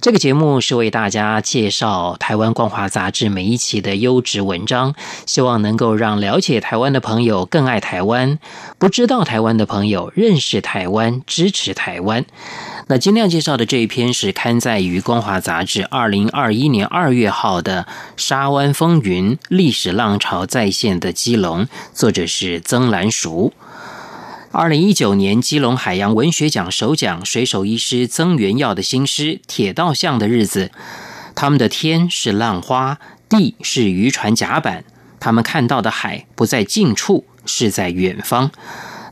這個節目是為大家介紹台灣光華雜誌每一期的優質文章，希望能夠讓了解台灣的朋友更愛台灣，不知道台灣的朋友認識台灣、支持台灣。那今天要介紹的這一篇是刊載於《光華雜誌》二零二一年二月號的《沙灣風雲：歷史浪潮再現的基隆》，作者是曾蘭淑。二零一九年基隆海洋文學獎首獎水手醫師曾元耀的新詩《鐵道巷的日子》，他們的天是浪花，地是漁船甲板，他們看到的海不在近處，是在遠方。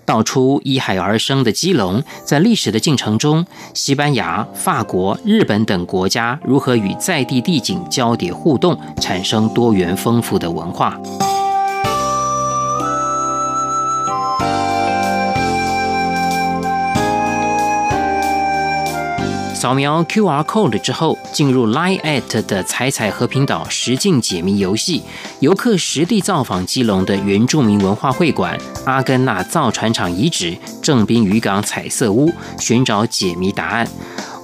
道出依海而生的基隆，在歷史的進程中，西班牙、法國、日本等國家如何與在地地景交疊互動，產生多元豐富的文化。掃描 Q R code 之後，進入 Line at 的“彩彩和平島”實境解謎遊戲。遊客實地造訪基隆的原住民文化會館、阿根納造船廠遺址、正濱漁港彩色屋，尋找解謎答案。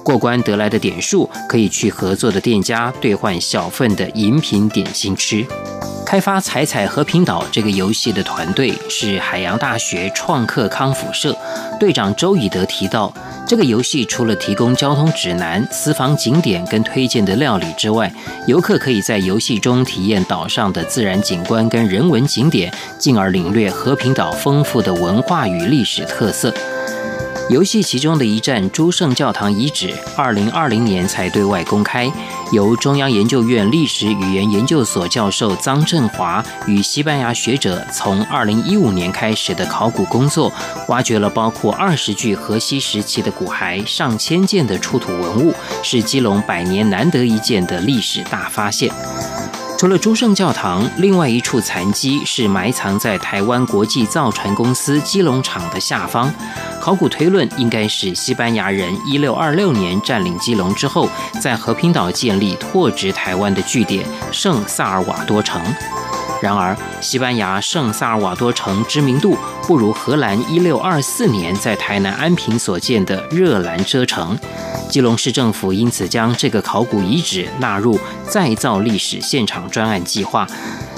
過關得來的點數可以去合作的店家兌換小份的飲品點心吃。開發“彩彩和平島”這個遊戲的團隊是海洋大學創客康輔社，隊長周以德提到，這個遊戲除了提供交通指南、私房景點跟推薦的料理之外，遊客可以在遊戲中體驗島上的自然景觀跟人文景點，進而領略和平島豐富的文化與歷史特色。遊戲其中的一站——諸聖教堂遺址，二零二零年才對外公開。由中央研究院歷史語言研究所教授臧振華與西班牙學者從二零一五年開始的考古工作，挖掘了包括二十具荷西時期的骨骸、上千件的出土文物，是基隆百年難得一見的歷史大發現。除了諸聖教堂，另外一處殘基是埋藏在台灣國際造船公司基隆廠的下方。考古推論應該是西班牙人一六二六年佔領基隆之後，在和平島建立拓殖台灣的據點聖薩爾瓦多城。然而，西班牙聖薩爾瓦多城知名度不如荷蘭一六二四年在台南安平所建的熱蘭遮城。基隆市政府因此將這個考古遺址納入再造歷史現場專案計劃。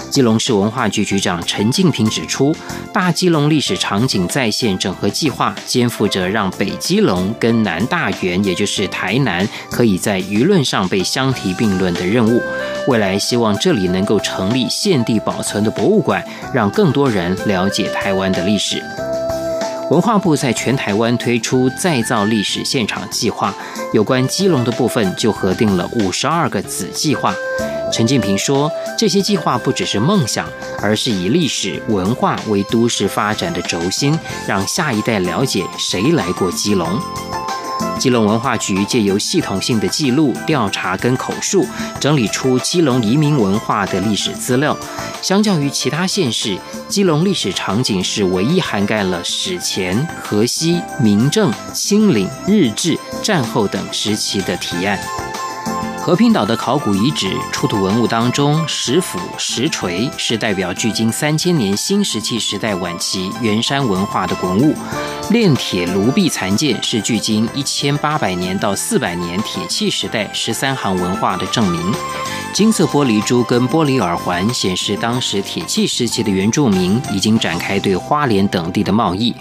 基隆市文化局局長陳敬平指出，大基隆歷史場景再現整合計劃肩負着讓北基隆跟南大員，也就是台南，可以在輿論上被相提並論的任務。未來希望這裡能夠成立現地保存的博物館，讓更多人了解台灣的歷史。文化部在全台灣推出再造歷史現場計劃，有關基隆的部分就核定了五十二個子計劃。陳建平說，這些計劃不只是夢想，而是以歷史文化為都市發展的軸心，讓下一代了解誰來過基隆。基隆文化局借由系統性的記錄、調查跟口述，整理出基隆移民文化的歷史資料。相較於其他縣市，基隆歷史場景是唯一涵蓋了史前、荷西、明鄭、清領、日治、戰後等時期的提案。和平島的考古遺址出土文物當中，石斧、石錘是代表距今三千年新石器時代晚期圓山文化的文物。煉鐵爐壁殘件是距今一千八百年到四百年鐵器時代十三行文化的證明。金色玻璃珠跟玻璃耳環顯示當時鐵器時期的原住民已經展開對花蓮等地的貿易，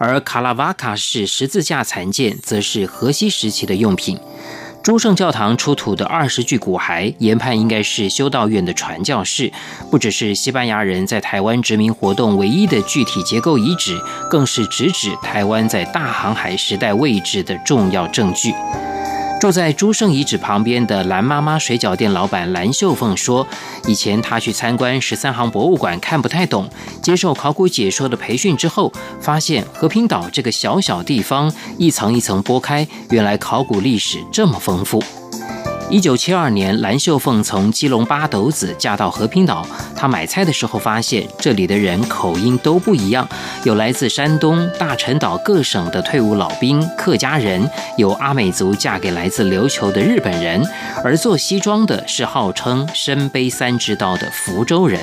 而卡拉瓦卡式十字架殘件則是荷西時期的用品。諸聖教堂出土的二十具骨骸，研判應該是修道院的傳教士，不只是西班牙人在台灣殖民活動唯一的具體結構遺址，更是直指台灣在大航海時代位置的重要證據。住在諸聖遺址旁邊的藍媽媽水餃店老板藍秀鳳說：“以前她去參觀十三行博物館，看不太懂。接受考古解說的培訓之後，發現和平島這個小小地方，一層一層剝開，原來考古歷史這麼豐富。一九七二年，藍秀鳳從基隆八斗子嫁到和平島。”他買菜的時候發現，這裡的人口音都不一樣，有來自山東、大陳島各省的退伍老兵、客家人，有阿美族嫁給來自琉球的日本人，而做西裝的是號稱身背三支刀的福州人。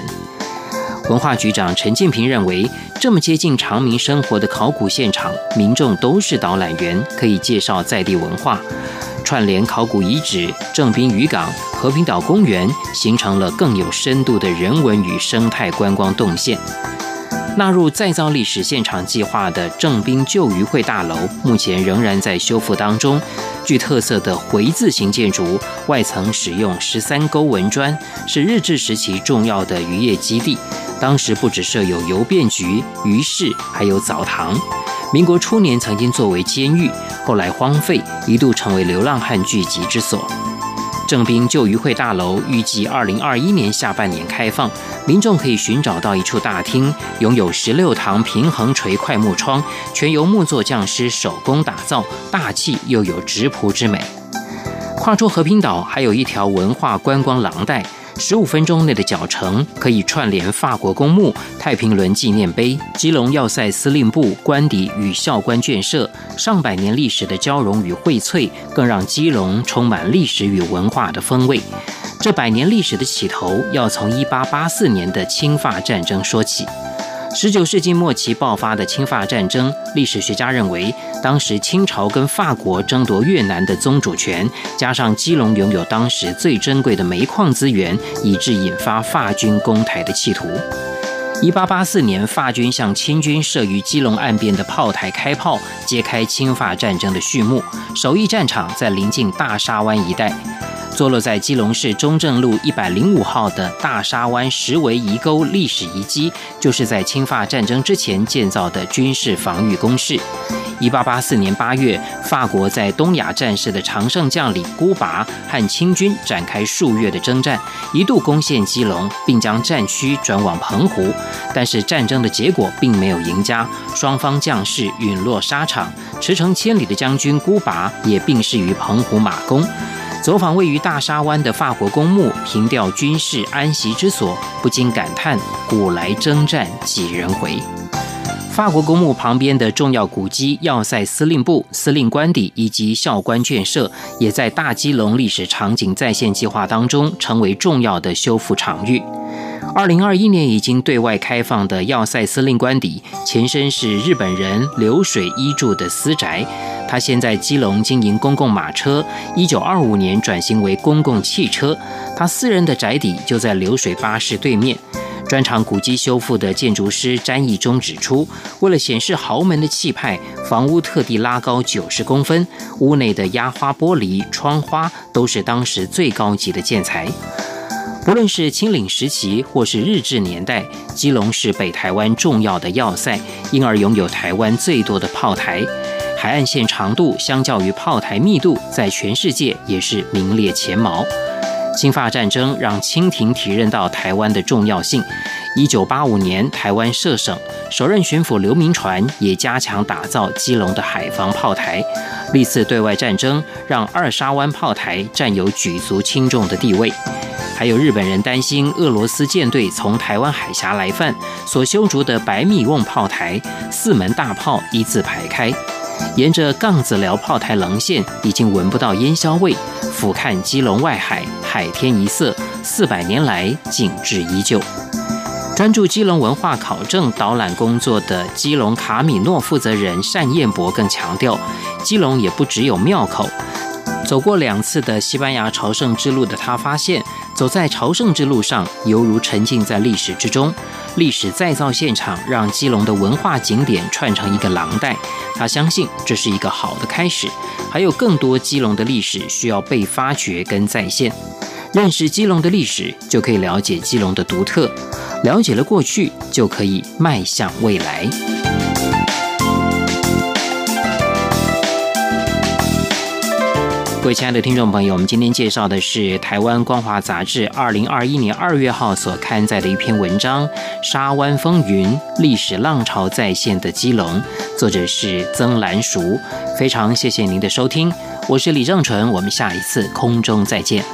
文化局長陳建平認為，這麼接近常民生活的考古現場，民眾都是導覽員，可以介紹在地文化。串聯考古遺址、正濱漁港、和平島公園，形成了更有深度的人文與生態觀光動線。納入再造歷史現場計劃的正濱舊漁會大樓，目前仍然在修復當中。具特色的回字形建築，外層使用十三溝紋磚，是日治時期重要的漁業基地。當時不只設有郵便局、漁市，還有澡堂。民國初年曾經作為監獄。後來荒廢，一度成為流浪漢聚集之所。正濱舊漁會大樓預計二零二一年下半年開放，民眾可以尋找到一處大廳，擁有十六堂平衡錘塊木窗，全由木作匠師手工打造，大氣又有質樸之美。跨出和平島還有一條文化觀光廊帶。十五分鐘內的腳程可以串聯法國公墓、太平輪紀念碑、基隆要塞司令部、官邸與校官眷舍，上百年歷史的交融與薈萃，更讓基隆充滿歷史與文化的風味。這百年歷史的起頭，要從一八八四年的清法戰爭說起。十九世紀末期爆發的清法戰爭，歷史學家認為，當時清朝跟法國爭奪越南的宗主權，加上基隆擁有當時最珍貴的煤礦資源，以致引發法軍攻台的企圖。一八八四年，法軍向清軍設於基隆岸邊的炮台開炮，揭開清法戰爭的序幕。首義戰場在臨近大沙灣一帶。坐落在基隆市中正路一百零五號的大沙灣石圍遺溝歷史遺迹，就是在清法戰爭之前建造的軍事防禦工事。一八八四年八月，法國在東亞戰事的常勝將領孤拔和清軍展開數月的征戰，一度攻陷基隆，並將戰區轉往澎湖。但是戰爭的結果並沒有贏家，雙方將士隕落沙場，馳騁千里的將軍孤拔也病逝於澎湖馬公。走訪位於大沙灣的法國公墓，憑弔軍事安息之所，不禁感嘆：古來征戰幾人回。法國公墓旁邊的重要古迹、要塞司令部、司令官邸以及校官眷舍，也在大基隆歷史場景再現計劃當中，成為重要的修復場域。二零二一年已經對外開放的要塞司令官邸，前身是日本人流水一柱的私宅。他先在基隆經營公共馬車，一九二五年轉型為公共汽車。他私人的宅邸就在流水巴士對面。專長古蹟修復的建築師詹益忠指出，為了顯示豪門的氣派，房屋特地拉高九十公分，屋內的壓花玻璃窗花都是當時最高級的建材。不論是清領時期或是日治年代，基隆是北台灣重要的要塞，因而擁有台灣最多的炮台。海岸線長度相較於炮台密度，在全世界也是名列前茅。清法戰爭讓清廷體認到台灣的重要性。一九八五年台灣設省，首任巡撫劉銘傳也加強打造基隆的海防炮台。歷次對外戰爭讓二沙灣炮台占有舉足輕重的地位。還有日本人擔心俄羅斯艦隊從台灣海峽來犯，所修築的白米瓮炮台，四門大炮一字排開，沿着槓子寮炮台稜線，已經聞不到煙硝味。俯瞰基隆外海，海天一色，四百年來景致依舊。專注基隆文化考證導覽工作的基隆卡米諾負責人單彥博更強調，基隆也不只有廟口。走過兩次的西班牙朝聖之路的他發現，走在朝聖之路上猶如沉浸在歷史之中，歷史再造現場讓基隆的文化景點串成一個廊帶。他相信這是一個好的開始，還有更多基隆的歷史需要被發掘跟再現。認識基隆的歷史，就可以了解基隆的獨特；了解了過去，就可以邁向未來。各位親愛的聽眾朋友，我們今天介紹的是台灣光華雜誌二零二一年二月號所刊載的一篇文章《沙灣風雲：歷史浪潮再現的基隆》，作者是曾蘭淑。非常謝謝您的收聽，我是李正淳，我們下一次空中再見。